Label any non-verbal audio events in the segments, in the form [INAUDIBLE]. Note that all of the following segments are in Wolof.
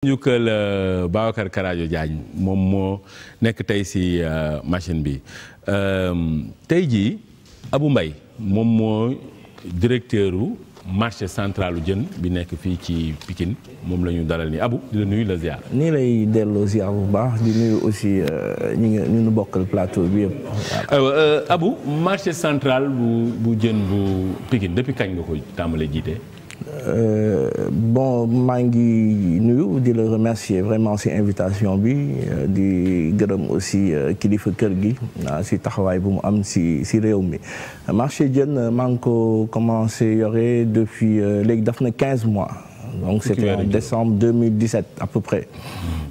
njukkal euh, Babacar Karajo Diagne moom moo nekk tey si euh, machine bi euh, tey jii abu mbay moom moo directeur u marché centralu jën bi nekk fii ci Pikine moom la ñu dalal ni Abou di la nuyu la ziar. nii lay delloo ziar bu baax di nuyu aussi ñi nga ñu nu bokkal plateau bi yëpp. abu marché central bu bu jën bu Pikine depuis kañ nga ko tàmbalee jiite. Euh, bon maa ngi nuyu di la remercier vraiment si invitation bi euh, di gërëm aussi euh, kilifa kër gi ah, si taxawaay bu mu am si si réew mi marché jën maa ngi ko commencé yore depuis léegi daf na quinze mois donc c'était en décembre 2017 à peu près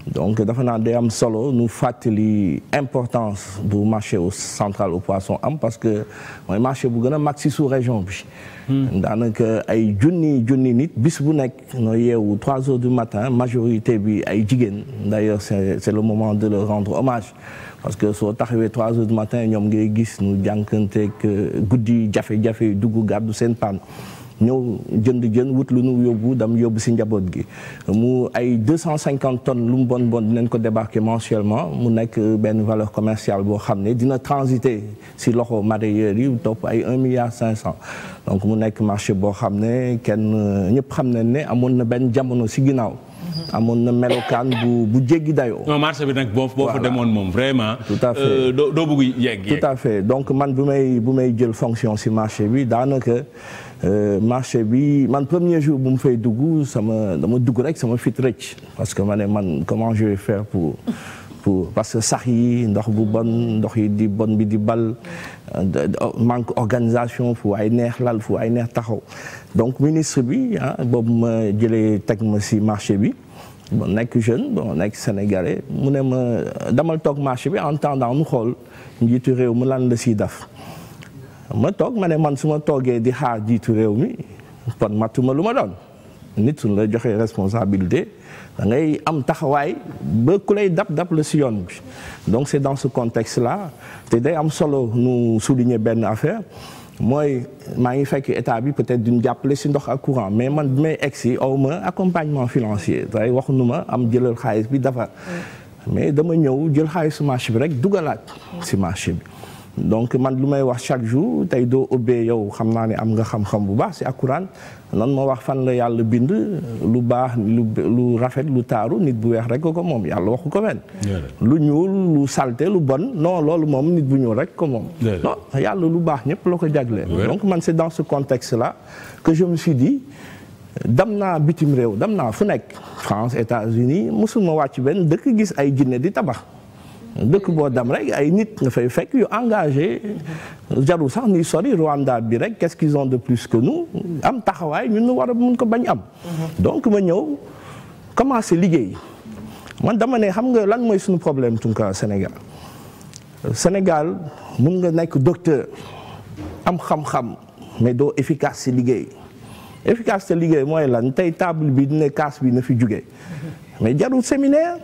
donc dafa naa day am solo nu fàttali importance bu marché au central au poisson am parce que mooy marché bu gën a mag si sous région bi hmm. daanaka ay junni junni nit bis bu nekk no yeewu trois heures du matin majorité bi ay jigéen d'ailleurs c'est c'est le moment de le rendre hommage parce que soo taxawee trois heures du matin ñoom ngay gis nu jànkanteeg euh, guddi jafe-jafe dugg gàddu seen pann ñëw jënd jën wut lu nu yóbbu dam yóbbu si njaboot gi mu ay deux cent cinquante tonnes lu mu bon bon dinañ ko débarquer mensuellement mu nekk benn valeur commerciale boo xam ne dina transiter si loxo mareyeurs yi topp ay un milliard cinq donc mu nekk marché boo xam ne kenn ñëpp xam nañ ne amoon na benn jamono si ginnaaw mhm. amoon na melokaan bu bu jéggi dayoo. marché bi nag boo boo fa demoon moom vraiment. tout à euh, fait doo à fait donc man bu may bu may jël fonction si marché bi daanaka. Euh, marché bi man premier jour bu mu fay dugg sama dama dugg rek sama fit rëcc parce que ma ne man comment je vais pour pour parce que sax yi ndox bu bon ndox yi di bon bi di bal manque organisation fu ay neex lal fu ay neex taxaw donc ministre bi ah boobu ma jëlee teg ma si marché bi bon nekk jeune bon nekk sénégalais mu ne ma damal toog marché bi en attendant mu xool njiitu réew mu lan la siy def ma toog ma ne man su ma toogee di xaar jiitu réew mi kon matuma lu ma doon nit suñ la joxee responsabilité da ngay am taxawaay ba ku lay dap dab la si yoon bi donc c'est dans ce contexte là te day am solo nu souligner benn affaire mooy maa ngi fekk état bi peut-être duñ jàppale si ndox ak courant mais man bi may egsi aw ma accompagnement financier day wax nu ma am jëlal xaalis bi dafa mm. mais dama ñëw jël xaalis marché bi rek dugalaat si marché bi donc man lu may wax chaque jour tey doo ubbee yow xam naa ne am nga xam-xam bu baax si alxuraan nan ma wax fan la yàlla bind lu baax lu lu rafet lu taaru nit bu weex rek ko moom yàlla waxu ko wen lu ñuul lu salte lu bon non loolu moom nit bu ñuul rek ko moom non yàlla lu baax ñëpp la ko jagle donc man c'est dans ce contexte là que je me suis dam naa bitim réew dam naa fu nekk France États-Unis mosuma wàcc benn dëkk gis ay jinne di tabax dëkk boo dem rek ay nit nga fay fekk yu engagé jaru sax ni sori Rwanda bi rek qu'est-ce de plus que nous am taxawaay ñun ñu war a mun ko bañ am. donc ma ñëw commencé liggéey man dama ne xam nga lan mooy suñu problème Tounkara Sénégal Sénégal mun nga nekk docteur am xam-xam mais doo efficace ci liggéey efficace te liggéey mooy lan tey table bi dina kaas bi nu fi jóge mais jarul séminaire.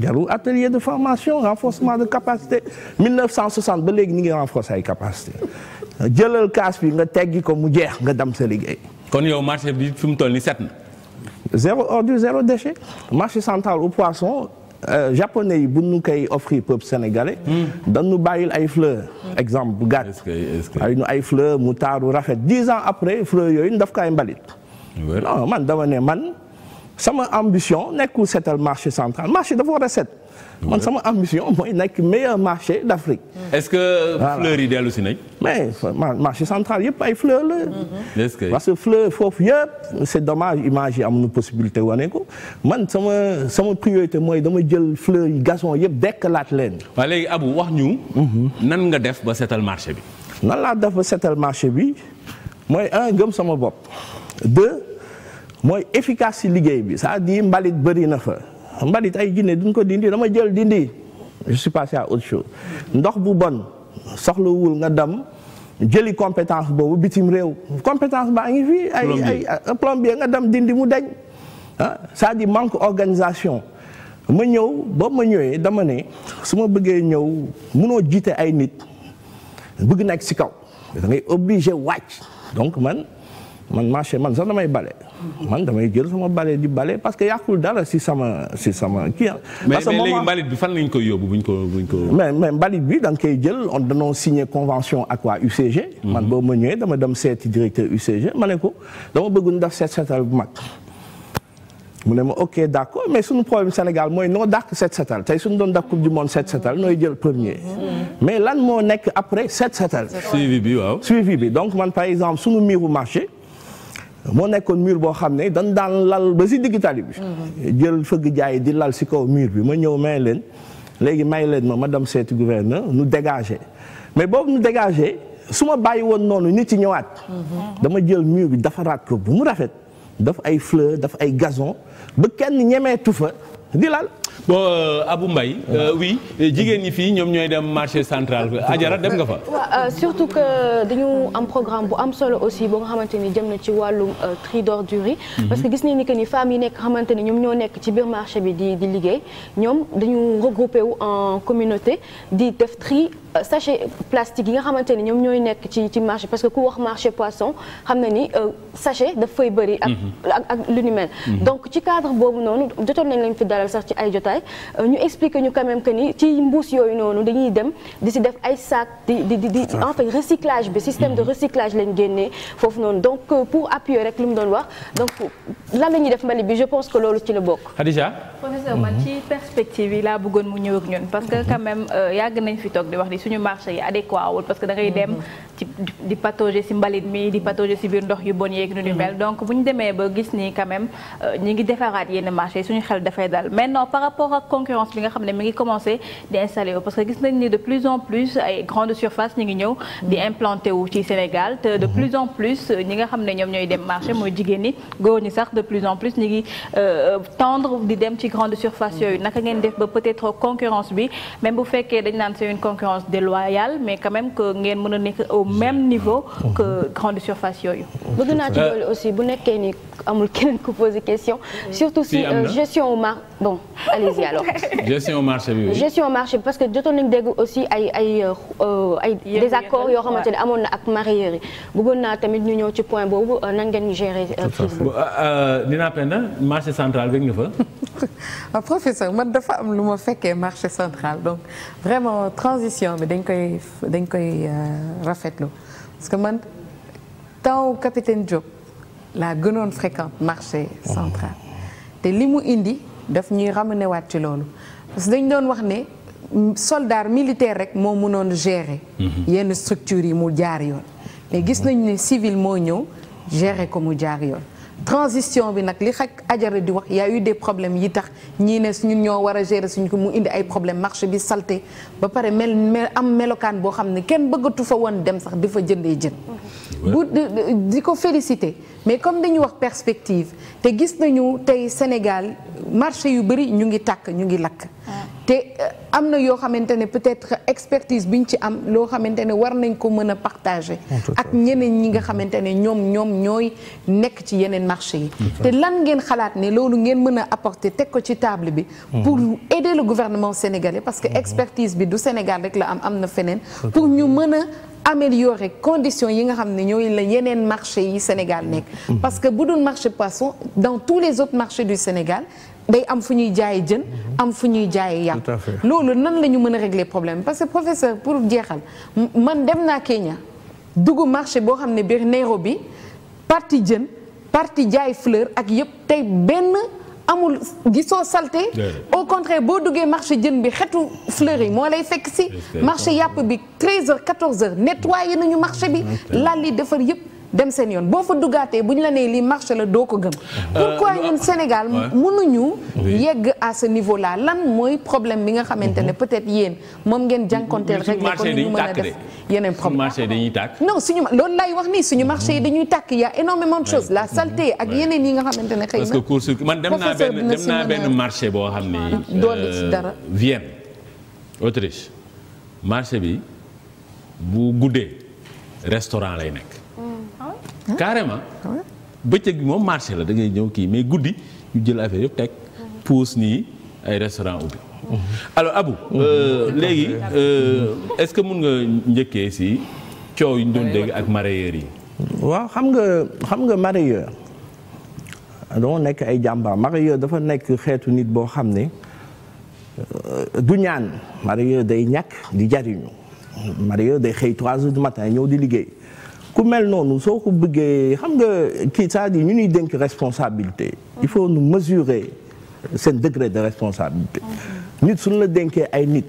jarul atelier de formation renforcement de capacité 1960 ba léegi ñu ngi renforcer ay capacité jëlal kaas bi nga teggi ko mu jeex nga dem sa liggéey. kon yow marché bi fi mu toll nii set na. zéro ordure zéro déchet marché central au poisson euh, japonais yi bu nu koy offrir peuple sénégalais. Hmm. dañu bàyyil ay fleurs. Hmm. exemple bu gàtt. ay nu ay fleurs mu taaru rafet dix ans après fleurs yooyu daf ka mbalit. non man dama man. sama ambition nekkul seetal marché central marché dafa war a set. man sama ambition mooy nekk meilleur marché d' Afrique. est ce que fleurs yi dellu si nañ. mais marché central yëpp ay fleur la. Mm-hmm. est ce que parce que fleur foofu yëpp c' est dommage image yi am na possibilité wane ko man sama sama priorité mooy dama jël fleur yi gazon yëpp dekkalaat leen. waaye léegi Abou wax ñu. Mm-hmm. nan nga def ba seetal marché bi. nan laa def ba seetal marché bi mooy un gëm sama bopp deux. mooy efficace ci liggéey bi saa di mbalit bëri na fa mbalit ay jinne duñ ko dindi dama jël dindi je suis passé à autre ndox bu bon soxlawul nga dem jëli compétence boobu bitim réew compétence baa ngi fi ay ay euh, plombier nga dem dindi mu deñ ah cest manque organisation ma ñëw ba ma ñëwee dama ne su ma bëggee ñëw mënoo jiite ay nit bëgg nekk si kaw da ngay obligé wàcc donc man man marché man sax damay bale man damay jël sama bale di bale parce que yàqul dara si sama si sama kii ah. parce que mais léegi mbalit bi fan lañ koy yóbbu buñ ko buñ ko. mais mais mbalit bi da nga koy jël on danoo signé convention ak waa UCG. man boobu ma ñëwee dama dem seeti directeur UCG ma ne ko dama bëgg def seet seetal bu mag. mu ne ma ok d' accord mais suñu problème Sénégal mooy noo dàq set setal tey suñu doon dàq coupe du monde set setal nooy jël premier. Mhm. mais lan moo nekk après set setal. suivi bi waaw. suivi bi donc man par exemple suñu miiru marché. moo nekkoon mur boo xam ne dañ daan lal ba si digg tali bi. jël fëgg jaay di lal si kaw mur bi ma ñëw may leen léegi may leen ma ma dem seeti gouverneur nu dégagé mais boobu nu dégagé su ma bàyyi woon noonu nit ci ñëwaat. dama jël mur bi defaraat ko bu mu rafet daf ay fleur daf ay gazon ba kenn ñemeetu fa di lal. bon euh, Abou Mbaye euh, oui jigéen ñi fii ñoom ñooy dem marché central Ajara dem nga fa. waaw euh, surtout que dañu am programme bu am solo aussi boo nga xamante ni jëm na ci wàllu tri d'ordures yi. Mhm. parce que gis nañu ni que ni femmes yi nekk xamante ni ñoom ñoo nekk ci biir marché bi di di liggéey ñoom dañu regroupé wu en communauté di def tri. sachet plastique yi nga xamante ni ñoom ñooy nekk ci ci marché parce que ku wax marché poisson xam na ni sachet daf fay bëri. ak mhm. ak lu ni mel. Mhm. donc ci cadre boobu noonu jotoon nañ fi dalal sax ci ay jot détail euh, ñu expliquer ñu quand même ni ci mbuus yooyu noonu dañuy dem di si def ay sac di di di en fait recyclage bi système de mm-hmm. recyclage lañ génnee foofu noonu donc euh, pour appuyer rek lu mu doon wax donc lan la ñuy def mbalit bi je pense que loolu ci la bokk. Khadija. professeur man ci mm-hmm. perspective yi laa bëggoon mu ñëw ak ñun parce que mm-hmm. quand même euh, yàgg nañ fi toog di wax ni suñu marché yi adéquat wul parce que da dem ci di patauger si mbalit mii di patauger si biir ndox yu bon yeeg nu ñu mel bu ñu demee ba gis ni quand même ñi ngi defaraat yenn marché suñu xel dafay dal rapport ak concurrence bi nga xam ne mi ngi commencé di installé wu parce que gis nañ ni de plus en plus ay grandes surfaces ñu ngi ñëw di mm-hmm. mm-hmm. nga xam ne ñoom ñooy dem marché mooy jigéen ñi góor ñi sax de plus en plus ñu ngi euh, tendre di dem ci grandes surfaces yooyu mm-hmm. naka ngeen def ba peut-être concurrence bi même bu fekkee dañ naan c'est une concurrence déloyale mais quand même que ngeen mën a nekk au même niveau que grandes surfaces yooyu bëgg naa ci euh, loolu aussi bu nekkee ni amul keneen ku poser allez-y alors. gestion marché bi oui. gestion marché parce que jotoon nañu dégg aussi ay ay euh, euh, ay yoo xamante ne amoon na ak mareyeurs yi naa tamit ñu ñëw ci point boobu euh, nan ngeen gérer. crise bi dinaa penda marché central rek nga fa. waaw [LAUGHS] ah, professeur man dafa am lu ma fekkee marché central donc vraiment transition bi dañ koy dañ koy rafetlu parce que man temps capitaine Diop laa gënoon fréquente marché central te li mu indi. daf ñuy ramené waat ci loolu parce que dañ doon wax ne soldat militaire rek moo mënoon gérer. Mhm. yenn structures yi mu jaar yoon mais gis nañ ne civil moo ñëw gérer ko mu jaar yoon transition bi nag li xaj ajara di wax y a eu des problèmes yi tax ñii ne ñun ñoo war a gérer suñu ko mu indi ay problème marché bi salté ba pare mel am melokaan boo xam ne kenn bëggatu fa woon dem sax di fa jëndee jën bu di ko féliciter mais comme dañu wax perspective te gis nañu tey Sénégal marché yu bëri ñu ngi tàkk ñu ngi lakk te euh, am na yoo xamante ne peut-être expertise ñu ci am loo xamante ne war nañ ko mën a partager ak ñeneen ñi nga xamante ne ñoom ñoom ñooy nekk ci yeneen marché yi te lan ngeen xalaat ne loolu ngeen mën a apporter teg ko ci table bi mhm. pour aider le gouvernement sénégalais parce que mhm. expertise bi du Sénégal rek la am am na feneen pour ñu mën a améliorer conditions yi nga xam ne ñooy la yeneen marché yi Sénégal nekk mhm. parce que bu doon marché poisson dans tous les autres marchés du Sénégal day am fu ñuy jaay jën mhm. am fu ñuy jaay yàpp loolu nan la ñu mën a régler problème parce que professeur pour jeexal man dem naa Kenya dugg marché boo xam ne biir Nairobi parti jën parti jaay fleur ak yëpp tey benn amul gisoo salté au contraire boo duggee marché jën bi xetu fleur yi moo lay fekk si marché yàpp bi 13 heures 14 heures nettoyé nañu marché bi lal yi defar yëpp dem seen yoon boo fa duggaatee bu ñu la nee lii marché la doo ko gëm. Euh, pourquoi ñun Sénégal mënuñu yegg à ce niveau là lan mooy problème bi nga xamante ne mhm. peut-être yéen moom ngeen jànkonteel rek. ko ñu mën a def yeneen problème marché yi dañuy tàkk non suñu loolu lay wax nii suñu marché yi mhm. dañuy tàkk y' a énormément de choses la mhm. saleté ak yeneen yi nga xamante ne xëy na. parce que court man dem naa benn dem naa benn marché boo xam ni. Ah, doole ci euh, dara Vienne Autriche marché bi bu guddee restaurant lay nekk. carrément ah bëccëg bi moom marché la da ngay ñëw kii mais guddi ñu jël affaire yëpp teg puus nii ay restaurant ubbi alors Abou mmh. euh, léegi euh, est-ce que mun nga njëkkee si coow yi ñu doon dégg ak mareyeur yi waaw xam nga xam nga mareyeur dañoo nekk ay jàmbaar mareyeur dafa nekk xeetu nit boo xam ne euh, du ñaan mareyeur day ñàkk di jariñu mareyeur day xëy trois heures du matin ñëw di liggéey ku mel noonu soo ko bëggee xam nga kii cest à ñu ñuy dénk responsabilité il faut nous mesurer seen degré de responsabilité mm-hmm. nit suñu la denkee ay nit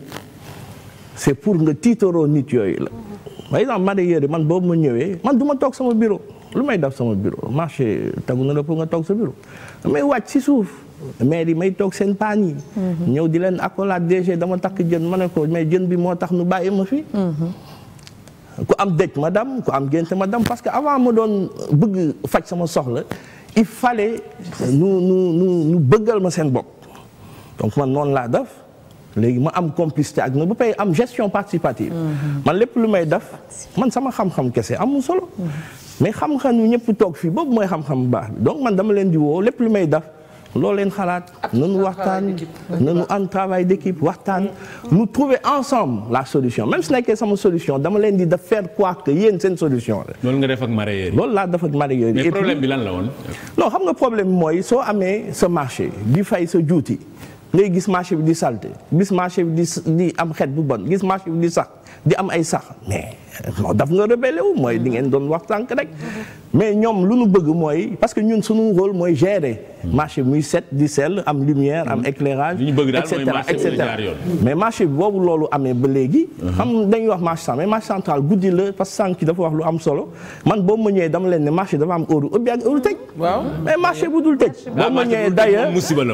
c'est pour nga tiitaroo nit yooyu la mm-hmm. par exemple ma yére man boobu ma ñëwee man du ma toog sama bureau lu may def sama bureau marché tagu na la pour nga toog sa bureau damay wàcc si suuf maire di may toog seen paan yi mm-hmm. ñëw di leen accolade DG dama takk jën ma ne ko mais jën bi moo tax nu bàyyi ma fi ko am dëj ma dem ku am génte ma dem parce que avant ma doon bëgg faj sama soxla il fallait nu nu nu nu bëggal ma seen bopp donc man noonu laa def léegi ma am complicité ak ñoom ba pay am gestion participative. Mhm. man lépp lu may def man sama xam-xam kese amul solo. Mhm. mais xam-xam yu ñëpp toog fii boobu mooy xam-xam bu baax bi donc man dama leen di woo lépp lu may def. lool leen xalaat na nanu waxtaan na nanu am travail d'équipe waxtaan nous trouver ensemble la solution même su nekkee sama solution dama leen di def faire croire que yéen seen solution la loolu nga def ak mareyeur yi loolu laa def ak mareyeur yi mais problème bi lan la woon non xam nga problème mooy soo amee sa marché di fay sa juuti ngay gis marché bi di salte gis marché bi di di am xet bu bon gis marché bi di sax di am ay sax mais daf nga rebelle wu mooy di ngeen doon wax sànq rek mais ñoom lu nu bëgg mooy parce que ñun suñu rôle mooy gérer marché muy set di sell am lumière am éclairage et cetera et cetera mais marché boobu loolu amee ba léegi uh-huh. xam dañuy wax marché central mais marché central guddi la parce que sànq dafa wax lu am solo man boo ma ñëwee dama leen ne marché dafa am heure ubbi ak heure tëj waaw mais bu dul tëj ma ñëwee d'ailleurs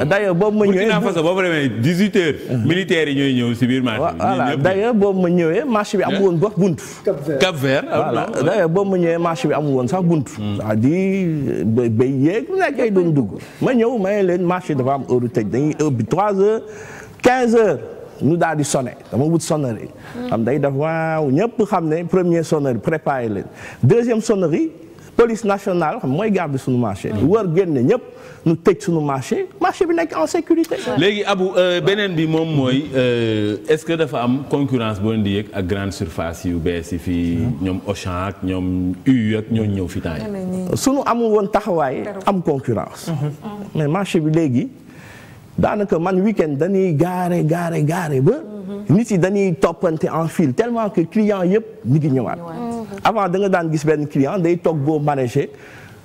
d'ailleurs boobu ma uh-huh. ñooy ñëw boobu ma ñëwee marché bi am woon box bunt Cap Vert ah, voilà boo ma ñëwee marché bi amul woon sax bunt c'est-à-dire bay yéeg lu nekk ay doon dugg ma ñëw ma leen marché dafa am heure tëj dañuy heure bi trois heures quinze heures ñu daal di sonné dama wut sonnerie xam hmm. day def waaw ñëpp xam ne premier sonnerie préparé leen deuxième sonnerie police nationale mooy garde suñu marché war génne ñëpp ñu tëj suñu marché marché bi nekk en sécurité léegi Abou euh, beneen bi moom mooy euh, est-ce que dafa am concurrence boo leen di yëg ak grande surface yu bees yi fii ñoom Auchan ak ñoom U ak ñoo ñëw fi temps yi suñu amul woon taxawaay am concurrence mhm. Mhm. mais marché bi léegi daanaka man week-end dañuy gaare gaare gaare ba mhm. nit yi dañuy toppante en file tellement que client yëpp ñu ngi ñëwaat Mhm. avant danga daan gis benn client day toog boo maraîcher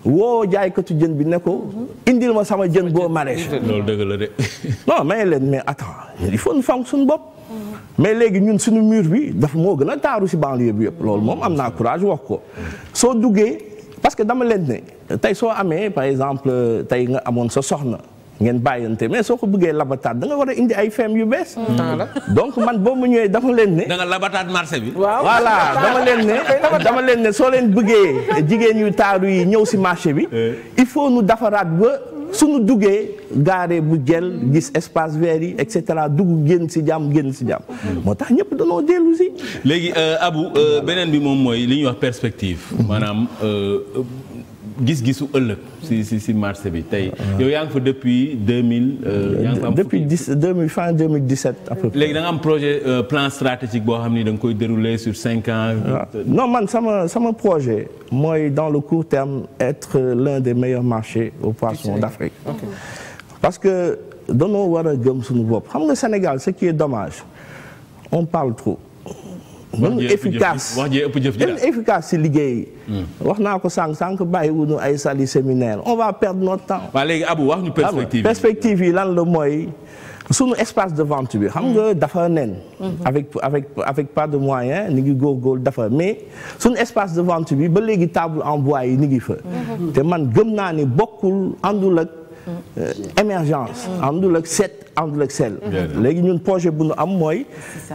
woo jaaykatu jën bi ne ko mhm. indil ma sama jën boo maraîcher. loolu dëgg [LAUGHS] mais leen mais attends il faut ñu fonk suñu bopp. Mhm. mais léegi ñun suñu mur bi dafa moo gën a taaru si banlieue bi yëpp loolu moom am naa courage wax ko soo duggee parce que dama leen ne tey soo amee par exemple tey nga amoon sa soxna. ngeen bàyyi bàyyante mais soo ko bëggee labataat danga war a indi ay feem yu bees. Mm. donc man boo mu ñëwee dama leen ne. da nga labataat bi. waaw voilà [LAUGHS] dama leen ne dama leen ne soo leen bëggee jigéen yu taaru yi ñëw si marché bi. Eh. il faut nu defaraat ba suñu duggee gaare bu jël gis espace vert yi et cetera dugg génn si jàmm génn si jàmm. Mm. moo tax ñëpp danoo dellu si. léegi euh, abu euh, beneen bi moom mooy li ñuy wax perspective mm-hmm. maanaam. Euh, gis-gisu ëllëg si si si marché bi tey. Ah. yow yaa ngi fa depuis 2000. Euh, yaa ngi fa am depuis dix deux mille fin 2017 am projet euh, plan stratégique boo xam ni da nga koy dérouler sur cinq ans. Ah. non man sama sama projet. mooy dans le court terme être l'un des meilleurs marchés aux poissons d'Afrique. Okay. parce que danoo war a gëm suñu bopp xam nga Sénégal ce qui ñun efficace wax ëpp jëf ji efficace si liggéey hmm. wax naa ko sànq sànq bàyyi wuñu ay sali séminaire on va perdre notre temps. waaw léegi yi lan la mooy sunu espace de vente bi xam nga hmm. dafa nen. Hmm. avec avec avec pas de moyen ni ngi góorgóorlu dafa mais suñu espace de vente bi ba léegi table en bois yi ni ngi fa. te man gëm naa ni bokkul àndul ak. Euh, émergence àndul ak set àndul ak sel léegi ñun projet bu nu am mooy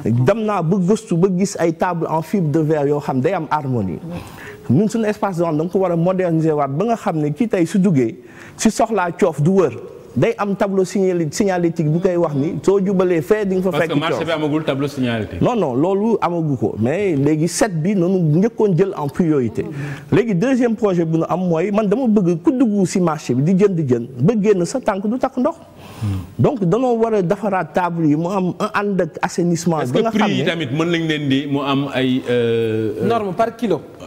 dem naa ba gëstu ba gis ay table en fibre de verre yoo xam day am harmonie ñun suñu espace de da ko war a moderniser waat ba nga xam ne kii tey su duggee si soxlaa coof du wër day am tableau signal signalétique bu koy wax ni soo jubalee fee di nga fa. fekk coow parce que marché bi amagul tableau signalétique. non non loolu amagu ko mais léegi set bi noonu njëkkoon jël en priorité léegi deuxième projet bi nu am mooy man dama bëgg ku dugg si marché bi di jën di jën ba génn sa tànk du takk ndox. donc danoo war a defaraat table yi mu am ànd ak assainissement. bi nga xam ne est tamit mën nañ leen di mu am ay. Euh, euh, norme par kilo. Euh,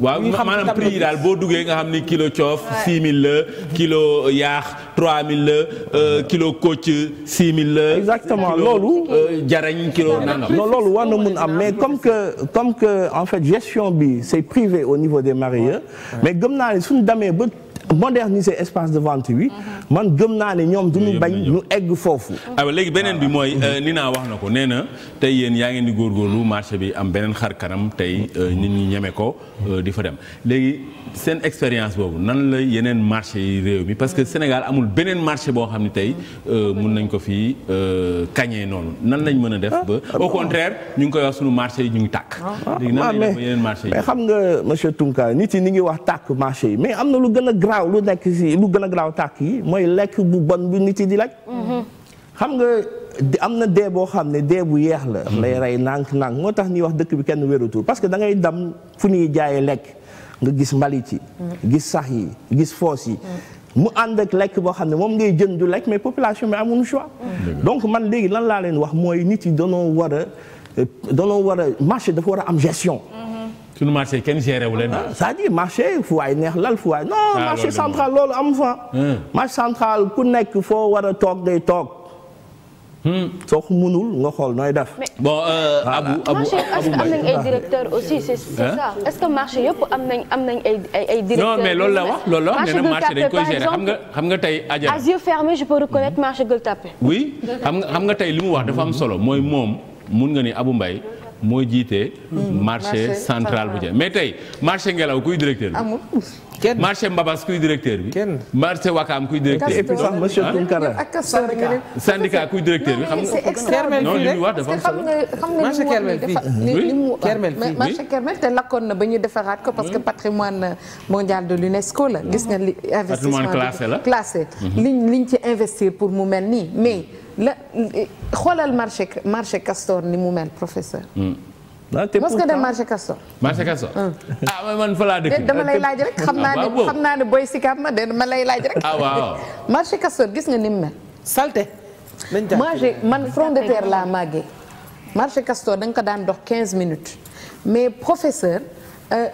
waaw maanaam prix yi daal boo duggee nga xam ni kilo coof 6000 la kilo yaax 3000 la euh, kilo coach 6000 la. exactement loolu. Euh, jarañ kilo nangam. non loolu war na mun am mais comme que comme que en fait gestion bi c'est privé au niveau des mareyeurs mais gëm naa ne suñu demee ba. moderniser espace de vente bi. Mm-hmm. man gëm naa ne ñoom duñu bañ ñu egg foofu. Ah, waaw léegi beneen bi mooy euh, ni naa wax na ko nee na tey yéen yaa ngeen di góorgóorlu marché bi am beneen xar kanam tey euh, nit ñi ñeme ko euh, di fa dem léegi seen expérience boobu nan la yeneen marché réew mi parce que Sénégal amul beneen marché boo xam ne tey mun nañ ko fi kañee noonu nan lañ mën a def ba ah, au ñu ngi koy wax sunu marché yi ñu ngi tàkk. Ah, léegi xam nga mosieur Tounkara nit yi ngi wax tàkk marché yi mais am na lu gën a garaaw lu nekk si lu gën a garaaw tàkk yi mooy lekk bu bon bu nit yi di lekk. xam nga am na dee boo xam ne dee bu yeex la. Mhm. lay rey nànk-nànk moo tax ñuy wax dëkk bi kenn wérutul parce que da ngay dem fu ñuy jaayee lekk nga gis mbalit yi. Mhm. gis sax yi gis foos yi. Mhm. mu ànd ak lekk boo xam ne moom ngay jën du lekk mais population bi amuñu choix. donc man léegi lan laa leen wax mooy nit yi danoo war a danoo war a marché dafa war a am gestion. suñu marché kenn géré wu leen. Ah, cest marché fu neex lal fu waay. non ah, marché loolu am fa. Hmm. marché central ku nekk foo war a toog day toog. Hmm. soo ko mënul nga xool nooy def. bon euh, Abou Abou Abou Mbaye marché est-ce que yëpp am nañ am nañ ay ay directeur non mais loolu la wax loolu la wax nee na marché dañ koy gérer xam nga xam nga tey. à yeux fermés je peux reconnaître hmm. marché Gueule Tapée. oui xam nga xam nga tey li mu wax dafa am solo mooy moom mun nga ni abu mbay moo jiite. Mm. marché central bu Thiès mais tey marché ngelaw kuy directeur bi. kenn marché Mbabas kuy directeur bi. kenn marché Wakaam kuy directeur bi. donc monsieur ah? Tunkara syndicat kuy directeur bi. xam nga non li muy wax dafa xam nga xam nga li mu Kermel fii marché Kermel te lakkoon na ba ñu defaraat ko parce que patrimoine mondial de l'UNESCO la. gis nga li investissement classé la classé. liñ liñ ci investir pour mu mel nii mais la xoolal marché marché Castor ni mu mel professeur. Hmm. ah te mos nga dem marché Castor. marché Castor. ah man fa laa dama lay laaj rek xam naa ne xam naa ne booy sikap ma de ma lay laaj rek. marché Castor gis nga ni mu mel. salté. moi man front de terre laa màggee. marché Castor da ko daan dox 15 minutes mais professeur euh,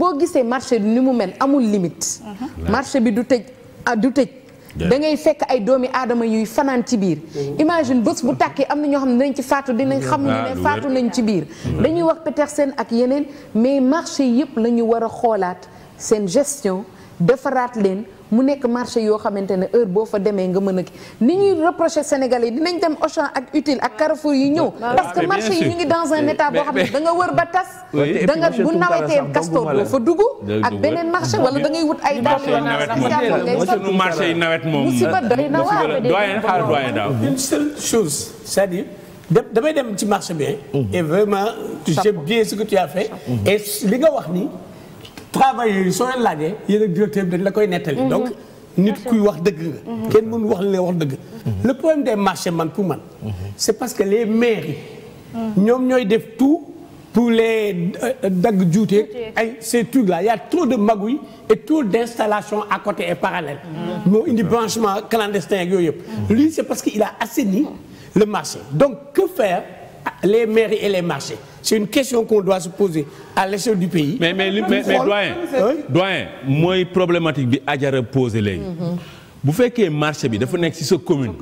boo gisee marché ni mu mel amul limite. Mm-hmm. marché bi du tëj ah du tëj. da ngay fekk ay doomi aadama yuy fanaan ci biir mm-hmm. imagine bés bu tàkkee am na ñoo xam ne dinañ ci faatu dinañ xam ne mm-hmm. ne ah, faatu nañ ci biir mm-hmm. dañuy wax Petersen ak yeneen mais marché yëpp la ñu war a xoolaat seen gestion defaraat leen mu nekk marché yoo xamante ne heure boo fa demee nga mën a ki ni ñuy reproché Sénégalais yi dinañ dem Auchan ak Utile ak Carrefour yi ñëw parce que marché yi ñu ngi dans un état boo xam ne da nga wër ba tas da nga bu nawetee Castor boo fa dugg ah, ak beneen marché wala da ngay wut ay daal sunu marché yi nawet moom musiba doy na waar doyen xaar doyen daaw une seule chose c'est-à-dire damay dem ci marché bi mm-hmm. et vraiment j'aime bien ce que tu as fait et wax ni travailleurs yooyu soo leen laajee yéen ak directeur bi dañ la koy nettali mhm. donc nit kuy wax dëgg nga mhm. kenn mënu wax li wax dëgg mhm. le problème des marchés man pour man c'est parce que les maires ñoom ñooy def tout pour les euh, dagg juute ay ces trucs là y a trop de magouille et trop d'installation à côté et parallèle moo indi branchement clandestin ak yooyu yëpp lui c'est parce que il a assaini le marché donc que faire les mairies et les marchés c'est une question qu'on doit se poser à l'échelle du pays. mais mais mais doyen doyen mooy problématique bi Adjara posé léegi. Mhm. bu fekkee marché bi dafa nekk ci sa commune.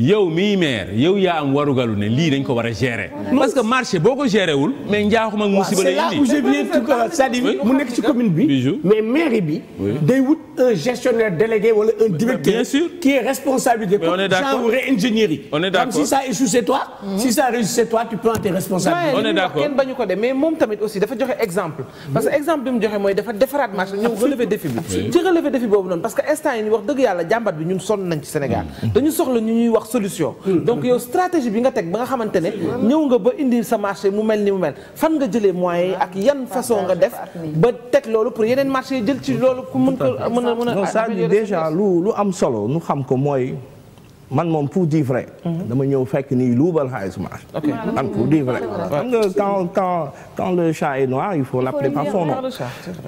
yow miy maire yow yaa am warugalu ne lii dañ ko war a gérer. parce que marché boo ko gérer wul. mais njaaxum ak musiba lay indi. c'est là où je viens c'est-à-dire mu nekk ci commune bi. mais mairie bi. day wut un gestionnaire délégué wala un directeur. bien sûr qui est responsable de. mais on est d'accord genre ingénierie. on est d'accord comme si ça échoue c'est toi. si ça réussit c'est toi tu prends tes responsabilités. on est d'accord kenn bañu ko de mais moom tamit aussi dafa joxe exemple. parce que exemple bi mu joxe mooy dafa defaraat marché ñëw relever défi bi. ci relever défi boobu noonu parce que instant yi wax dëgg yàlla jàmbat bi ñun sonn nañ ci Sénégal mm. dañu soxla ñu ñuy wax solution. donc yow stratégie bi nga teg ba nga xamante ne. ñëw nga ba indi sa marché mu mel ni mu mel fan nga jëlee moyens ak yan façon nga def ba teg loolu pour yeneen marché yi jël ci loolu. ku mën ko mën a mën a déjà lu lu am solo nu xam ko mooy. man moom pour dire vrai. Mhm. dama ñëw fekk ni luubal xaalis ma. ok man pour dire vrai. xam nga quand le chat est noir il faut l'appeler par son nom.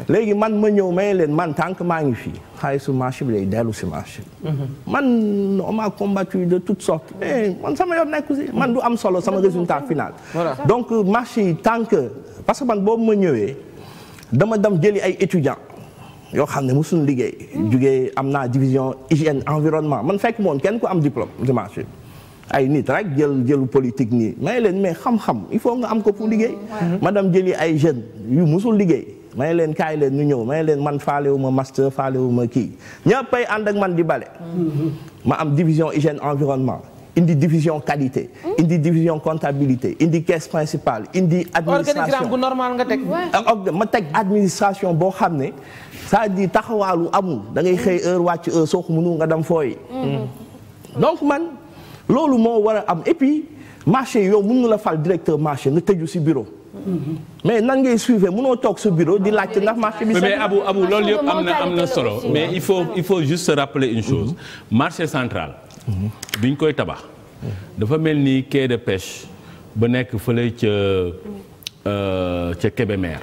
léegi man ma ñëw may leen man tant que maa ngi fii xaalisu marché bi lay dellu si marché mhm. man on m'a combattu de toutes sortes mais eh, man sama yoon nekk man du am solo sama résultat final. donc marché yi tant que parce que man boobu ma ñëwee dama dem jëli ay étudiants. yoo xam ne mosuñu liggéey. jugee am naa division hygiène environnement man fekk moon kenn ku am diplôme dimanche bi ay nit rek jël jëlu politique nii may leen mais xam-xam il faut nga am ko pour liggéey. ma dem jëli ay jeunes yu musul liggéey. may leen kaay leen ñu ñëw may leen man faale faalewuma master faalewuma kii ñëppay ànd ak man di bale. Mm-hmm. ma am division hygiène environnement. indi division qualité. Mm. indi division comptabilité indi caisse principale indi. administration organigramme nga teg. Ah, ma teg administration boo xam ne. c'est-à-dire taxawaalu amul dangay xëy heure wàcc heure soo ko mënul nga dem fooy. Mm-hmm. donc man loolu moo war a am et puis marché yow mën na la fal directeur marché nga tëju si bureau. Mm-hmm. mais nan ngay suivre mënoo toog sa bureau di laajte ndax marché bi. mais abu abu loolu yëpp am na am na solo mais il faut il faut juste se rappeler une chose. Mm-hmm. marché central. biñ koy tabax. dafa mel ni quai de pêche ba nekk fële ca euh, ca Kébémer.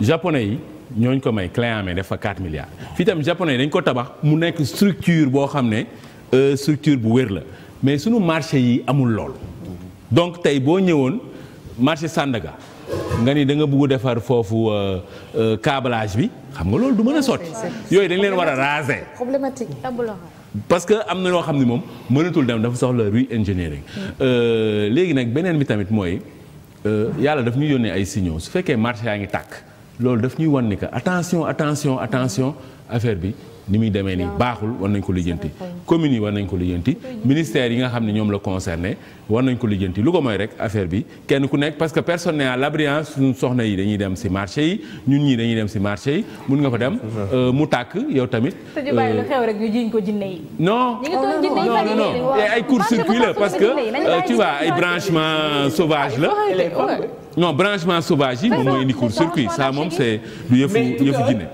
japonais yi. ñooñ ko may client amee def fa 4 milliards fii tamit japonais dañ ko tabax mu nekk structure boo xam ne euh, structure bu wér la mais suñu marché yi amul lool. donc tey boo ñëwoon marché Sandaga nga ni da nga bugg defar foofu euh, euh, câblage bi xam nga loolu du mën a sotti. yooyu dañ leen war a raser. problématique parce que am na loo xam ne moom mënatul dem dafa soxla re-engineering. léegi nag beneen bi tamit mooy yàlla daf ñu yónnee ay signaux su fekkee marché yaa ngi tàkk. loolu daf ñuy wan que attention attention attention affaire bi ni muy demee nii baaxul war nañ ko lijjanti communes yi war nañ ko lijjanti ministères yi nga xam ne ñoom la concerné war nañ ko lijjanti lu ko mooy rek affaire bi kenn ku nekk parce que personne n'est à l'abri suñu soxna yi dañuy dem ci marché yi ñun ñii dañuy dem ci marché yi mun nga fa dem euh, mu tàkk yow tamit te ñu bàyyi lu euh, ko jinne yi ay court-circuit la parce que euh, tu vois ay branchement sauvage la non branchement sauvage yi moom mooy indi court-circuit ça moom c'est du yëfu yëfu jinne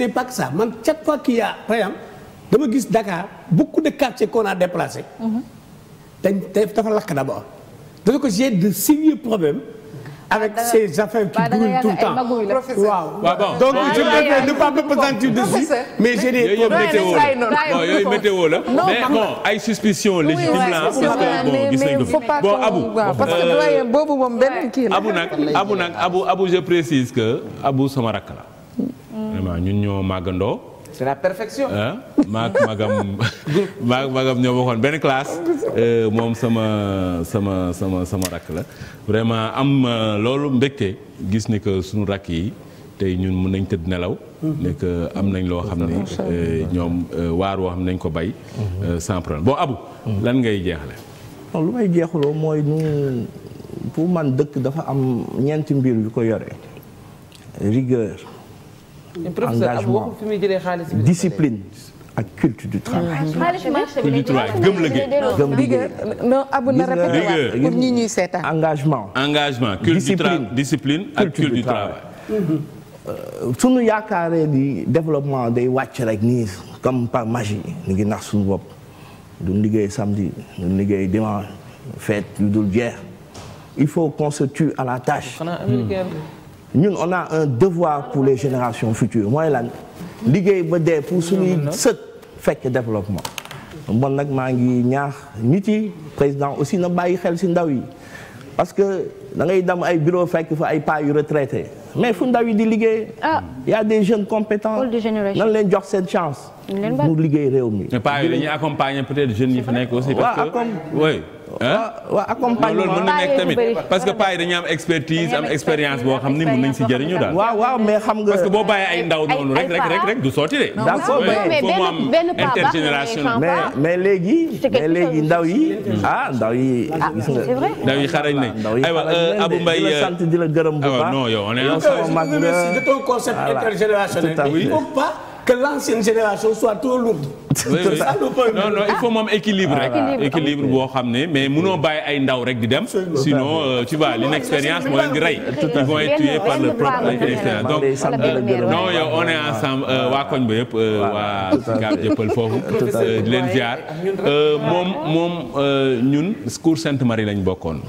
n'est pas a par exemple dama gis Dakar beaucoup de quartiers qu'on a déplacés. Mm-hmm. dañ lakk d'abord. donc de sérieux problèmes. avec ah, ces affaires qui brûlent tout temps donc je préfère mais la mais bon ay suspicion légitime la bon Abu parce que euh, doyen boobu moom benn kii la Abu nag Abu je précise que Abu sama rakk la vraiment ñun ñoo màggandoo. c'est la perfection. ah maag magam [LAUGHS] maag magam ñoo bokkoon benn classe. Euh, moom sama sama sama sama rakk la. vraiment am euh, loolu mbégte gis ni que sunu rakk yi tey ñun mun nañ tëdd nelaw. nekk am nañ loo xam ne euh, ñoom waar woo xam nañ ko bay. Mhm. sans problème bon abu. lan ngay jeexale. non lu may jeexuloo mooy ñu pour man dëkk dafa am ñeenti mbir yu ko yore rigueur. engagement discipline ak culture du travail. gëm liggéey gëm liggéey. non abu na répété waat pour ñi ñuy seetaan. engagement. engagement culture discipline ak culture du travail. Euh, suñu yaakaaree di développement day wàcc rek nii comme par magie ñu ngi nax suñu bopp duñ liggéey samedi duñ liggéey dimanche fête yu dul jeex il faut qu'on se tue à la tâche. ñun on a un devoir pour les générations futures mooy lan liggéey ba dee pour suñuy sët fekk développement bon nag maa ngi ñaax nit yi président aussi na bàyyi xel ci ndaw yi parce que da ngay dem ay bilo fekk fa ay pas yu retraité mais fu ndaw yi di liggéey ah. y a des jeunes compétents nan leen jox seen chance pour liggéey réew mi mais pas yu dañuy accompagner peut-être jeunes yi fa nekk aussi parce que waa accompagnement loolu mën nekk tamit parce que paa yi dañu am expertise am expérience boo xam ni mën nañ si jëriñu daal. waaw waaw mais xam nga parce que boo bàyyee ay ndaw noonu rek rek du sotti de. d'accord mais benn benn mais mais léegi. léegi ah, ndaw yi ah ndaw yi. gis nga ndaw yi xarañ nañ. aywa euh, Abou Mbaye di la euh, sant di la gërëm bu ah, baax. non yow on est ensemble. concept oui oui il faut moom équilibre rek. équilibre boo xam ne mais munoo bàyyi ay ndaw rek di dem. sinon euh, tu vois l'inexpérience moo leen di rey. ils vont être expérience donc non yow on ensemble euh, waa koñ ba yëpp euh, waa Sicap Jëppal foofu. di leen ziar moom moom ñun cour Sainte Marie lañ bokkoon.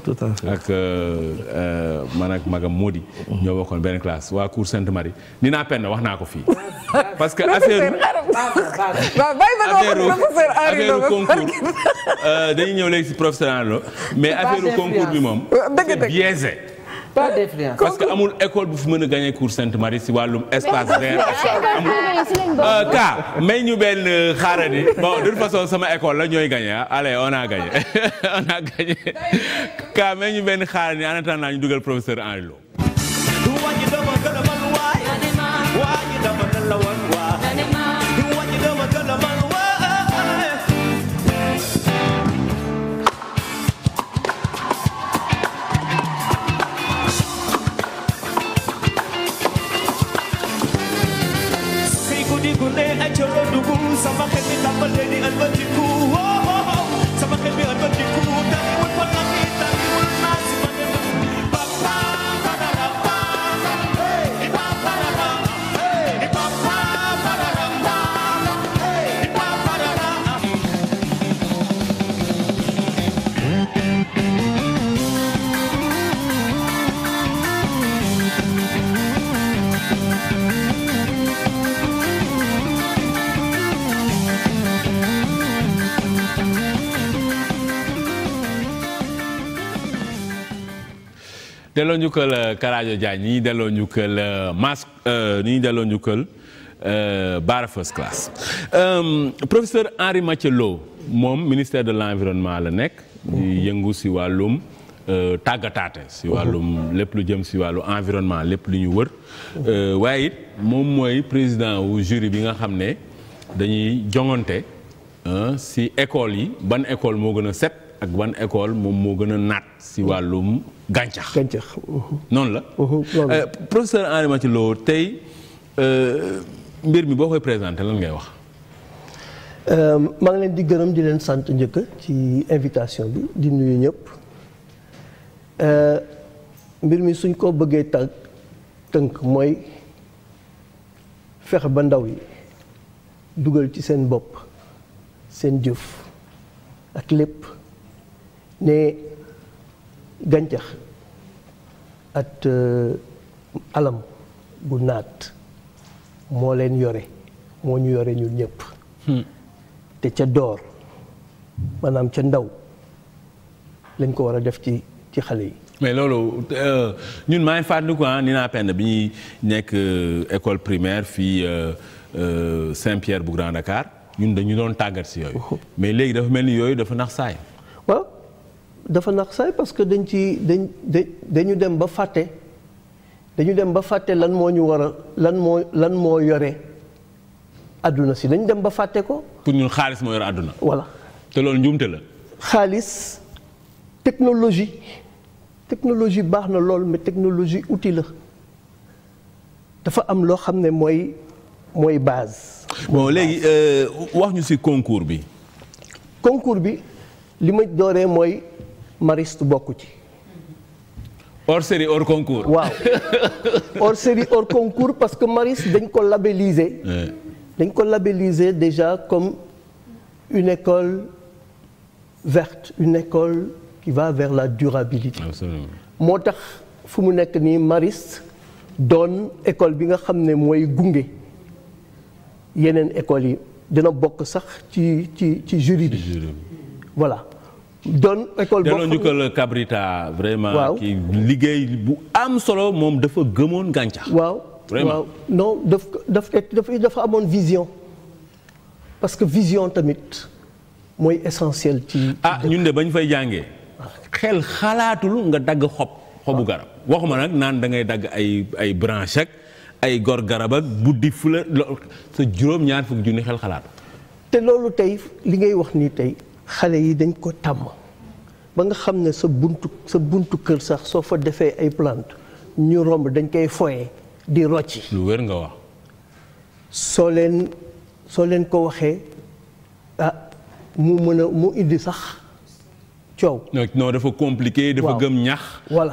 ak man ak magam Mody. ñoo bokkoon benn classe waa cour Sainte Marie. ni naa penn wax naa ko fii. [LAUGHS] parce que affaire. affaire concours euh, dañuy ñëw léegi si professeur Arnaud mais affaire concours bi moom. Euh, c'est parce que amul école bu fi mën a gagné cours Sainte-Marie ah, si wàllum espace vert. amul kaa may ñu benn euh, xaarandi bon de toute façon sama école la ñooy gagné ah allez on a gagné [LAUGHS] on a gagné kaa may ñu benn xaarandi en attendant ñu dugal professeur Henri Lo. dugg sama xel mi tàmbalee di ëlbatiku oh, oh, oh, sama xel mi ëlbatiku delloo njukkal euh, Karajo Diagne ñii delloo njukkal euh, Mas euh, ñii delloo njukkal Bara First Class professeur Henri Mathieu Lo moom ministère de l'environnement la nekk. di yëngu si wàllum tàggataate. si wàllum lépp lu jëm si wàllu environnement lépp lu ñu wër. waaye it moom mooy président wu jurie bi nga xam ne dañuy joŋante si école yi ban école moo gën a set. ak wan école moom moo gën a naat si wàllum gàncax. gàncax uh-huh. noonu la. Uh-huh, euh, professeur Henri Mathieu Lo tey euh, mbir mi boo koy présenté lan ngay wax. Euh, maa ngi leen di gërëm di leen sant njëkk ci invitation bi di nuyu ñëpp mbir mi suñ koo bëggee tànk tënk mooy fexe ba ndaw yi dugal ci seen bopp seen jëf ak lépp. ne gàncax at euh, alam gu naat moo leen yore moo ñu yore ñun ñëpp. Hmm. te ca door maanaam ca ndaw lañ ko war a def ci ci xale yi. mais loolu euh, ñun maa ngi fàttali ko ah, ni naa penn bi ñuy nekk euh, école primaire fii Saint-Pierre bu Grand Dakar ñun dañu doon tàggat si yooyu. mais léegi dafa mel ni yooyu dafa nax saay. dafa nax say parce que dañ ci dañ dañu dem ba fàtte dañu dem ba fàtte lan moo ñu war a lan moo lan moo yore àdduna si dañu dem ba fàtte ko. pour ñun xaalis moo yore àdduna. voilà te loolu njuumte la. xaalis technologie technologie baax na lool mais technologie outil la dafa am loo xam ne mooy mooy base. bon léegi euh, wax ñu si concours bi. concours bi li ma dooree mooy. maris mariste bokk ci. hors série hors concours. waaw hors série parce que mariste dañ ko labelliser. dañ ko labelliser déjà comme une école verte une école qui va vers la durabilité. moo tax fu mu nekk nii mariste doon école bi nga xam ne mooy gunge yeneen écoles yi dina bokk sax ci ci ci jury voilà. don école boo xam ne vraiment. waaw ki liggéey bu am solo moom dafa gëmoon gàncax. waaw waaw non daf daf dafa amoon vision. parce que vision tamit mooy essentiel ci. ah ñun de bañ fay jàngee. xel xalaatul nga dagg xob. xobu ah. garab waxuma nag naan da ngay dagg ay ay branche ak ay gor garab ak buddi fula sa juróom ñaar fukk junni xel xalaatu. te loolu tey li ngay wax nii tey. xale yi dañ ko tàmm ba nga xam ne sa buntu sa buntu kër sax soo fa defee ay plante ñu romb dañ koy foye di rocci lu wér nga wax soo leen soo leen ko waxee ah mu mën a mu indi sax coow non dafa compliqué dafa gëm ñax voilà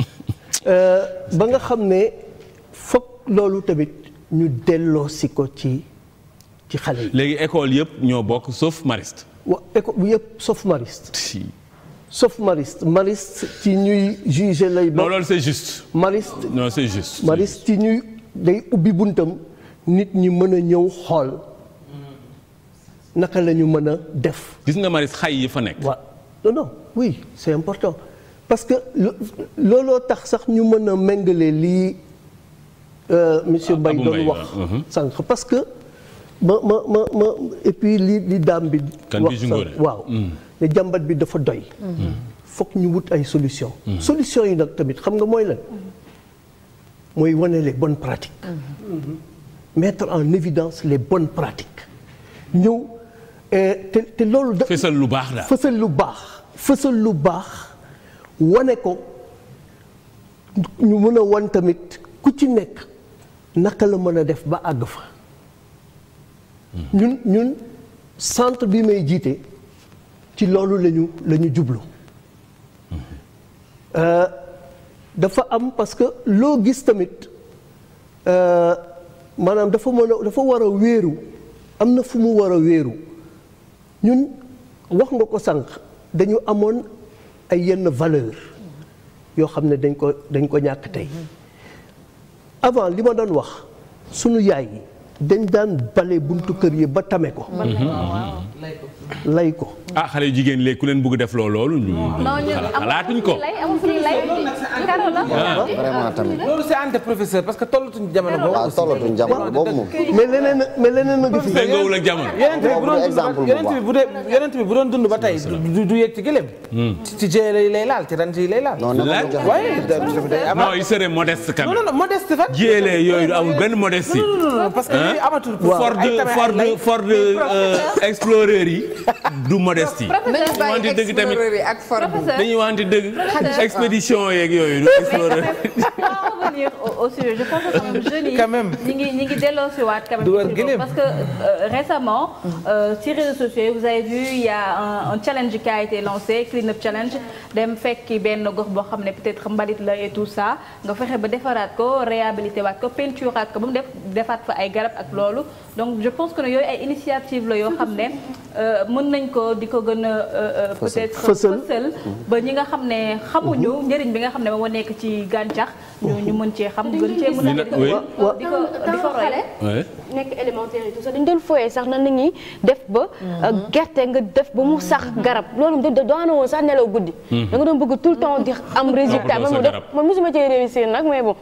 [LAUGHS] euh, ba nga xam ne foog loolu tamit ñu delloo si ko ci ci xale yi léegi école yëpp ñoo bokk sauf mariste wa école bi yëpp sauf mariste. sauf mariste mariste ci ñuy juger lay. non loolu c'est juste. mariste non c'est juste. mariste ci ñuy day ubbi buntam nit ñi mën a ñëw xool naka la ñu mën a def. gis nga mariste xay yi fa nekk. waaw non non oui c'est important parce que looloo tax sax ñu mën a méngale lii euh, monsieur ah, Mbaye doon wax. Uh-huh. sànq parce que. ma ma ma ma et puis li li daam waaw. Mm. jàmbat bi dafa doy. Mm. foog ñu wut ay solution mm. solution yi nag tamit xam nga mooy lan. mooy wane le bonnes pratique mm-hmm. mettre en évidence les bonnes pratiques. ñëw eh, te te loolu. da fësal lu baax daal fësal lu baax. fësal lu baax wane ko ñu mën a wan tamit ku ci nekk naka la mën a def ba àgg fa. ñun ñun centre bi may jiite ci loolu lañu la ñu jublu mm-hmm. euh, dafa am parce que loo gis tamit euh, maanaam dafa mën a dafa war a wéeru am na fu mu war a wéeru ñun wax nga ko sànq dañu amoon ay yenn valeur yoo xam ne dañ ko dañ ko ñàkk tey mm-hmm. avant li ma doon wax sunu yaay yi dañ daan bale buntu kër yi ba tame ko. Mhm. lay ko. ah xale jigéen léegi ku leen bëgg def loo loolu. non xalaatuñ ko. Ah. vraiment tamit. loolu c'est ante professeur parce que tollatuñ jamono boobu. jamono boobu moom. mais leneen mais leneen a ngi fi. méngoowul ak jamono. bu doon dund ba tey du yëg ci gëlëm. Hmm. ci jéere yi lay laal ci rant yi lay laal. non non il serait modeste quand même. non non amul benn modeste. non parce que amatul. Ford Ford euh, Explorer yi. du modestie. professeur dëgg tamit dañuy waxante dëgg. expédition yeeg yooyu du explorer. revenir au, au sujet euh, ngi ñu ngi delloo si waat. quand parce que euh, récemment. Mm. Euh, sur les réseaux sociaux vous avez vu il a un, un challenge qui a dem fekk benn gox boo xam ne peut-être mbalit la et tout ça nga fexe ba defaraat ko réhabilité waat ko peinturaat ko ba mu def defaat fa ay garab ak loolu donc je pense que ne yooyu ay initiative la yoo xam ne euh, mën nañ ko di ko gën a. Euh, peut-être fësal ba ñi nga xam ne xamuñu mm-hmm. njëriñ bi nga xam ne moo nekk ci gàncax. Mm-hmm. ñu mën cee xam gën cee mën a di ko di ko roy sax nan la def ba mhm. euh, gerte nga def ba mu mhm. sax garab loolu da doona woon sax nelaw guddi mhm. da nga doon bëgg tout le temps di am résultat man man mosuma cee réussir nag mais bon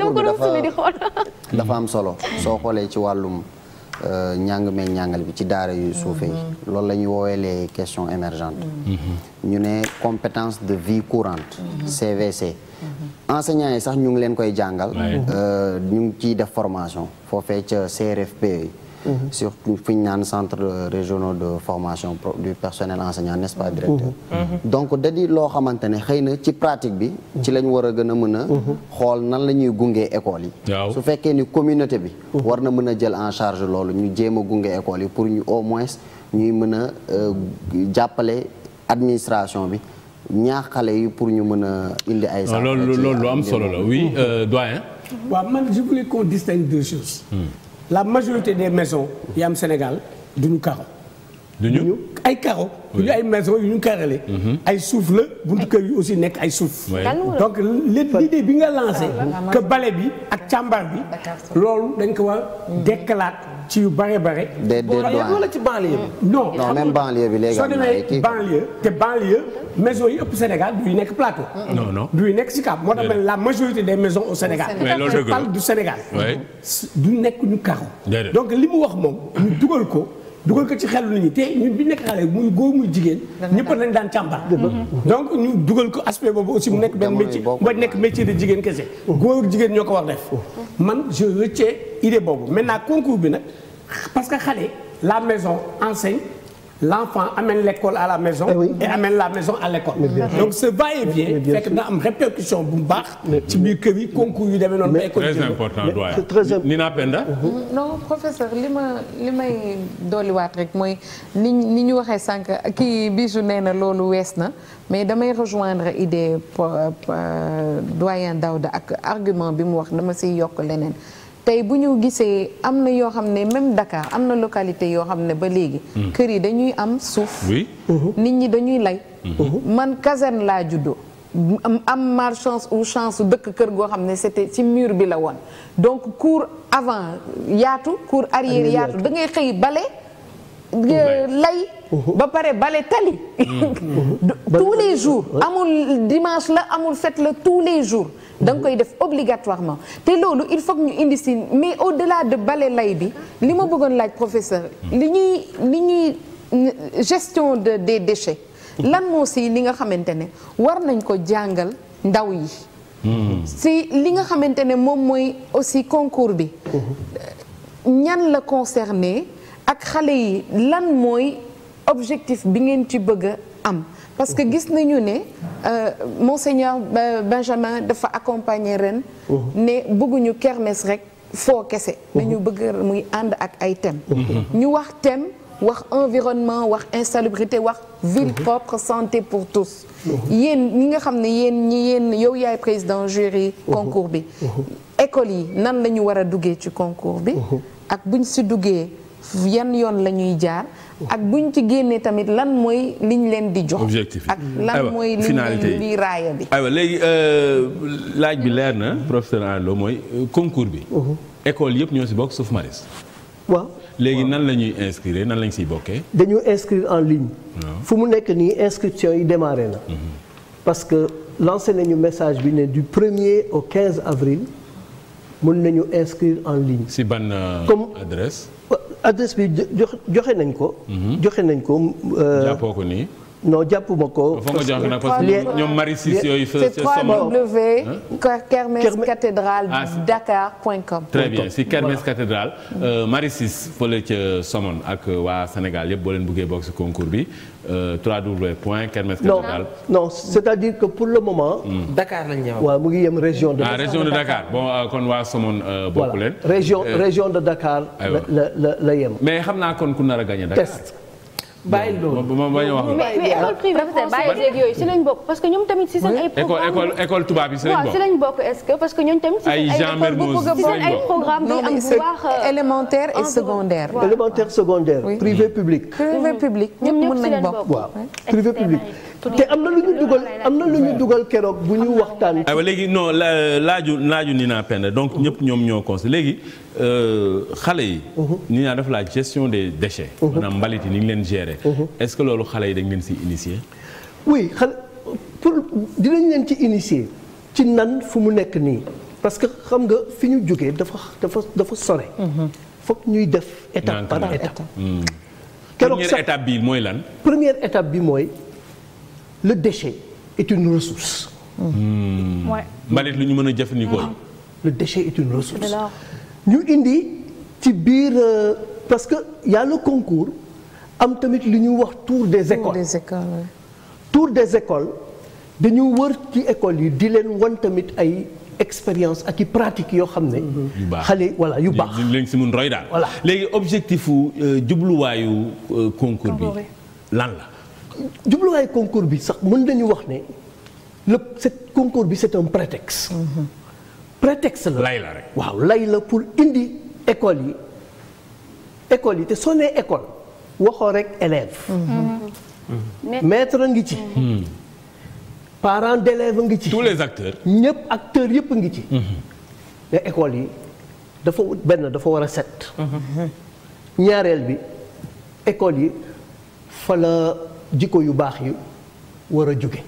dama ko [LAUGHS] doon sumi di xool dafa am solo soo xoolee ci wàllum Euh, njàng meeg njàngal bi ci daar yu suufe yi mhm. loolu la ñuy woowee le question émergente mhm. ñu ne compétence de vie courante CVC mhm. enseignants yi sax ñu ngi leen koy jàngal euh, ñu ngi ciy def formation foofee ca CRFPE Mm-hmm. surtout fi ñu naan centre régionaux de formation du personnel enseignant nest pas directeur mm-hmm. Mm-hmm. donc da loo xamante ne xëy na ci pratique bi ci lañ war a gën a mën a xool nan la ñuy gungee école yi su fekkee ni communauté bi war na mën a jël en charge loolu ñu jéem a gunge école yi pour ñu au moins ñuy mën a euh, jàppale administration bi ñaax xale yi pour ñu mën a indi ay. Ah, loolu loolu lu am solo la oui euh, doyen. waaw man je voulais distingue deux choses. Hmm. la majorité des maisons yi am Sénégal duñu caro duñu ay caro duñu ay maison yu ñu carrelé mhm. ay suuf la buntu kër yu aussi nekk ay suuf donc l'idée bi nga lancé ah, que bale bi ak càmbar bi loolu dañ ko war mhm. dekkalaat ci yu bare bare. des des douanes wala ci banlieue bi. Mm. non non même banlieue bi léegi am na ay te banlieue maisons yi ëpp Sénégal du nekk plateau. Mm. non non du nekk Sicap moo tax la majorité des maisons au Sénégal. mais je parle du Sénégal. du nekk ñu kaw. donc li mu wax moom ñu dugal ko. dugal ko ci xelu nit ñi te ñun bi nekk xale muy góor muy jigéen ñëpp nañ daan càmbar donc ñu dugal ko aspect boobu aussi mu nekk benn métier ba nekk métier de jigéen kese góor jigéen ñoo ko war def man je retiens idée boobu maintenant concours bi nag parce que xale la maison enseigne l'enfant amène l'école à la maison. Eh et amène la maison à l'école. donc ce va-et-vient fekk na am répercussion bu baax. ci biir kër yi concours yu demee noonu. mais très important doyen Nina mm-hmm. professeur li ma li may dolliwaat rek mooy ni ni ñu waxee sànq kii Bijou nee na loolu wees na mais damay rejoindre idée doyen Daouda ak argument bi mu wax dama siy yokk leneen. tey bu ñu gisee am na yoo xam ne même Dakar am na localité yoo xam ne ba léegi. Mm-hmm. kër yi dañuy am suuf. Mm-hmm. nit ñi dañuy lay. Mm-hmm. man caserne laa juddoo. am am malchance ou chance dëkk kër goo xam ne c'était ci mur bi la woon donc cour avant yaatu cour arrière yaatu da ngay xëy bale lay euh, ba pare bale tali [LAUGHS] tous les jours amul dimanche la amul fête la tous les jours danga koy def obligatoirement te loolu il faut ñu indi si mais au delà de bale lay bi li ma bëggoon laaj professeur li ñuy li ñuy gestion de des déchets lan moo si li nga xamante ne war nañ ko jàngal ndaw yi hmm. si li nga xamante ne moom mooy aussi concours bi ñan la concerné ak xale yi lan mooy objectif bi ngeen ci bëgg a am parce que gis nañu ne euh, monseigneur Benjamin dafa accompagner ren. ne bëgguñu kermesse rek foo kese. dañu bëgg muy ànd ak ay thèmes. ñu wax thème wax environnement wax insalubrité wax. ville propre santé pour tous. yéen ñi nga xam ne yéen ñi yéen yow yaay président jury concours bi. école yi nan la ñu war a duggee ci concours bi. ak buñ si duggee. yan yoon la ñuy jaar ak buñ ci génnee tamit lan mooy liñ leen di jox. objectif ak lan mooy liñ leen di raaya bi. aywa léegi euh, laaj bi leer na professeur Arlo mooy euh, concours bi. Mhm. école yëpp ñoo si bokk sauf Maris. waaw léegi nan la ñuy inscrire nan lañ siy bokkee. dañu inscrire en ligne. fu mu nekk nii inscription yi démarré na. Mhm. parce que lancé nañu message bi ne du premier au 15 avril mën nañu inscrire en ligne. si ban euh, adresse comme. adresse bi joxe nañ ko. Mm-hmm. joxe nañ ko. Euh, jàppoo ko nii. non jàppuma ko. foo nga jàpp nag parce que ñoom Marie-Cisse yooyu. c'est 3W kermescathédrale dakar.com. très bien si kermesse cathédrale. Euh, Marie-Cisse fële ca Somone ak euh, waa Sénégal yëpp boo leen buggee bokk si concours bi 3W euh, point kermesse cathédrale. non non c'est-à-dire que pour le moment. Hmm. Dakar lañ ñëw waaw mu yem région de. ah région de Dakar bon kon waa Somone bokk leen. région région de Dakar. la la la yem. mais xam naa kon ku nar a gagné Dakar bàyyi loolu bu ma bañ a wax mais mais école privée française yeeg yooyu si lañ bokk parce que ñoom tamit si seen ay programme école école tubaab yi si lañ bokk waaw si lañ bokk est-ce que parce que ñoom tamit si seen ay programme bi am bu baax euh, élémentaire et secondaire élémentaire secondaire privé public privé public ñëpp mën nañ bokk waaw privé public te am na lu ñu dugal am na lu ñu dugal keroog bu ñu waxtaan. aywa léegi non laaju laaju ni naa pend donc ñëpp ñoom ñoo conseillé léegi euh, xale yi. Mhm. ni ñaa def laa gestion des déchets. Mhm. naa mbalit yi ni ngi leen gérer. Mhm. est-ce que loolu xale yi dañ leen si initier. oui xale pour dinañ leen ci initier ci nan fu mu nekk nii parce que xam nga fi ñu jógee dafa dafa dafa sore. foog ñuy def étape par hmm. étape. keroog sax première étape bi mooy lan. première étape bi mooy. le déchet est une ressource. Hmm. mbalit lu ñu mën a jëfandikoo. le déchet est une ressource. ñu indi ci biir euh, parce que yàlla a concours am tamit lu ñuy wax tour des écoles. tour des écoles tour des écoles dañu wër ci écoles yi di leen wan tamit ay. expérience ak i pratique yoo xam ne. Mhm. yu baax xale voilà yu baax. leen si mun roy daal. voilà léegi objectif wu euh, jubluwaayu euh, concours bi lan la. jubluwaay concours bi sax mën nañu wax ne le set concours bi c'est un prétexte. Mhm. prétexte la lay la waaw lay la pour indi école yi école yi te soo école waxoo rek élève mhm. Mhm. maître a ngi ci. parents ngi ci. tous les acteurs. ñëpp acteurs yëpp a ngi ci. mais école yi dafa benn dafa war a set. ñaareel bi école yi fa la. jikko yu baax yi war a jóge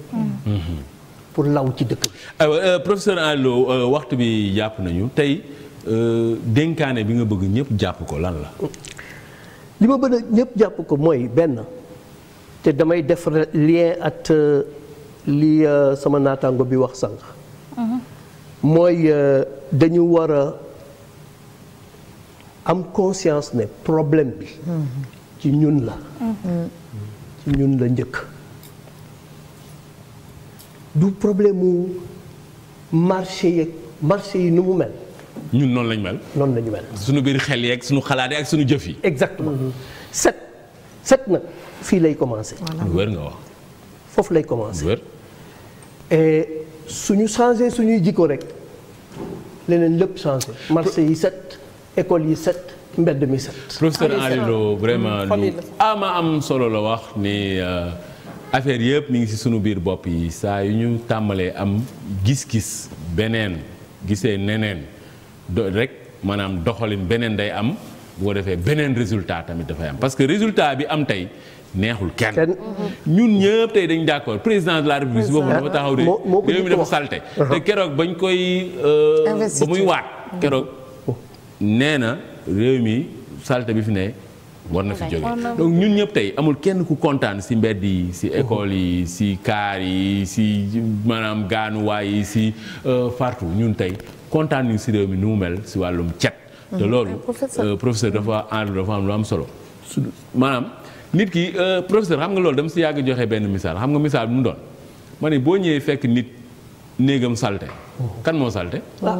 pour law ci dëkk bi. aywa euh, Allo euh, waxtu bi jàpp nañu tey euh, dénkaane bi nga bëgg ñëpp jàpp ko lan la. li ma bëgg ñëpp jàpp ko mooy benn te damay def lien at li sama naataango bi wax sànq. mooy dañu war a am conscience ne problème bi. ci ñun la. ñun la njëkk du problème mu marché yeeg marché yi nu mu mel. ñun noonu lañ mel. noon lañu mel. suñu biir xel yeeg suñu xalaat ak suñu jëf yi. exactement set set nag fii lay commencé. wér nga wax. foofu lay commencé wér. suñu changé suñuy jikko rek leneen lépp changé. marché yi set. école yi set mbedd mi set. professeur Henri Lo vraiment am a am solo la wax ni euh, affaire yëpp mi ngi si sunu biir bopp yi saa yu ñu tàmbalee am gis-gis beneen gisee neneen do rek maanaam doxalin beneen day am bu ko defee beneen résultat tamit dafay am parce que résultat bi am tey. neexul kenn mm-hmm. ñun ñëpp tey dañ d'accord président de la république si boppam dafa taxaw de réew dafa salte uh-huh. te keroog bañ koy euh, ba muy waat keroog nee na réew mi saleté bi fi ne war na fi jóge donc ñun ñëpp tey amul kenn ku kontaan si mbedd yi si école yi si kaar yi si maanaam gaanuwaay yi si euh, partout ñun tey kontaan nañu si réew mi ni mu mel si wàllum cet te loolu euh, professeur dafa ànd dafa am lu am solo su maanaam nit ki euh, professeur xam nga loolu dama si yàgg joxe benn misaal xam nga misaal bi mu doon ma ne boo ñëwee fekk nit néegam salte kan moo salte ah,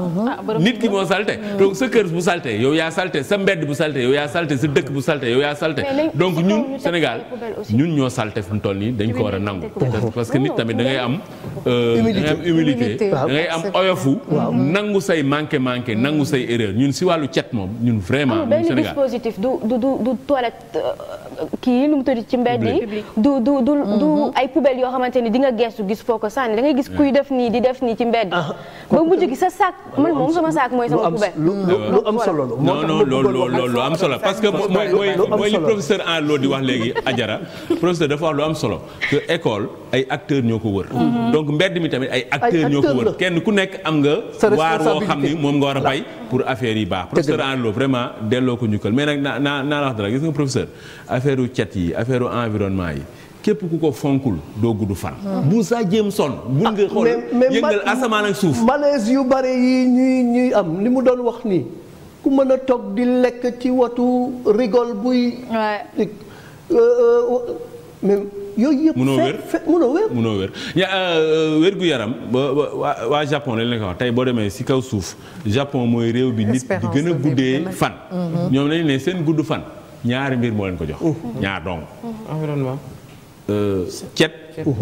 nit ki moo salte donc sa kër bu salte yow yaa salte sa mbedd bu salte yow yaa salte sa dëkk bu salte yow yaa salte donc ñun Sénégal ñun ñoo salte fu mu toll nii dañ ko war a nangu parce que nit tamit da ngay am euh, da ngay am humilité da ngay am oyofu nangu say manqué manqué nangu say erreur ñun si wàllu cet moom ñun vraiment ñun Sénégal dispositif du du du toilette euh, kii lu mu tëdd ci mbedd yi du du ay poubelle yoo xamante ni di nga gis foo ko sànni da gis kuy def nii ba mujj gi sa sac man moom sama sac mooy sama poubelle. lu am solo la non non loolu lu am solo parce que mooy mooy li professeur en loo di wax léegi Ajara professeur dafa wax lu am solo que école ay acteurs ñoo ko wër. Mhm. donc mbedd mi tamit ay acteurs ñoo ko wër kenn ku nekk am nga. waar woo xam ni moom nga war a bay pour affaire yi baax. professeur en loo vraiment delloo ko njukkal mais nag naa naa naa la wax dara gis nga professeur affaire u cet yi affaire u environnement yi. képp ku ko fonkul doo gudd fan. Moussa Jameson. mun nga ah, xool yëngal asamaan ak suuf. malaise yu bare yi ñuy ñuy am li mu doon wax nii ku mën a toog di lekk ci watu rigole buy. Euh, euh, même yooyu yëpp. munoo wér fe munoo wér. munoo wér euh, gu yaram ba waa waa Japon lañ la ko wax tey boo demee si kaw suuf Japon mooy réew bi nit di gën a guddee fan. Mm-hmm. ñoom lañu ne seen gudd fan ñaari mbir moo leen ko jox. ñaar dong. cet euh, mhm.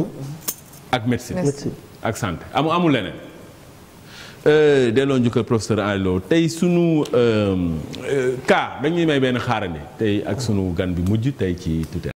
ak médecine ak santé amu amul leneen euh, delloo njukkal professeur Aliou tey sunu euh, cas dañuy may benn xaarandi tey ak sunu gan bi mujj tey ci tutelle